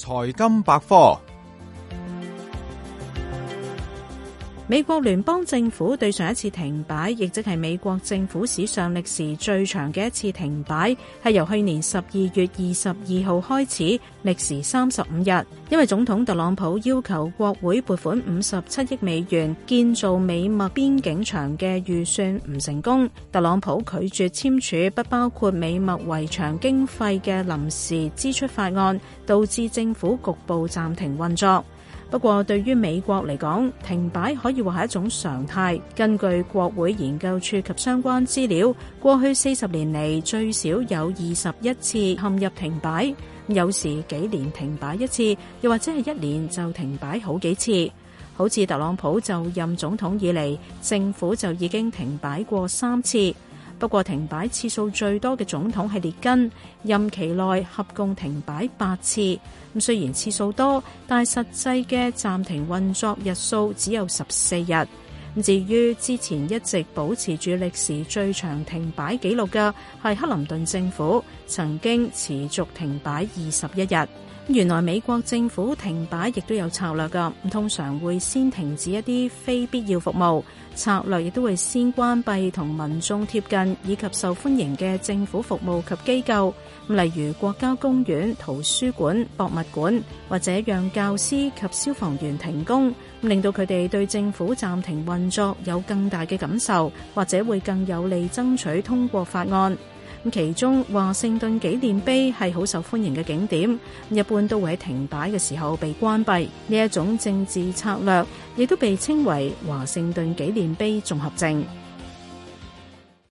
財金百科。美國聯邦政府對上一次停擺，亦即係美國政府史上歷時最長嘅一次停擺，係由去年十二月二十二號開始，歷時三十五日，因為總統特朗普要求國會撥款五十七億美元建造美墨邊境牆嘅預算唔成功，特朗普拒絕簽署不包括美墨圍牆經費嘅臨時支出法案，導致政府局部暫停運作。不過，對於美國嚟講，停擺可以話係一種常態。根據國會研究處及相關資料，過去四十年嚟最少有二十一次陷入停擺，有時幾年停擺一次，又或者係一年就停擺好幾次。好似特朗普就任總統以嚟，政府就已經停擺過三次。不過停擺次數最多嘅總統係列根，任期內合共停擺八次。咁雖然次數多，但係實際嘅暫停運作日數只有十四日。至於之前一直保持住歷時最長停擺紀錄嘅係克林頓政府，曾經持續停擺二十一日。原來美國政府停擺亦都有策略㗎，通常會先停止一啲非必要服務，策略亦都會先關閉同民眾貼近以及受歡迎嘅政府服務及機構，例如國家公園、圖書館、博物館，或者讓教師及消防員停工,令到佢哋對政府暫停運作有更大嘅感受,或者會更有利爭取通過法案。其中華盛頓紀念碑係好受歡迎嘅景點，一般都會喺停擺嘅時候被關閉。呢一種政治策略，亦都被稱為華盛頓紀念碑綜合症。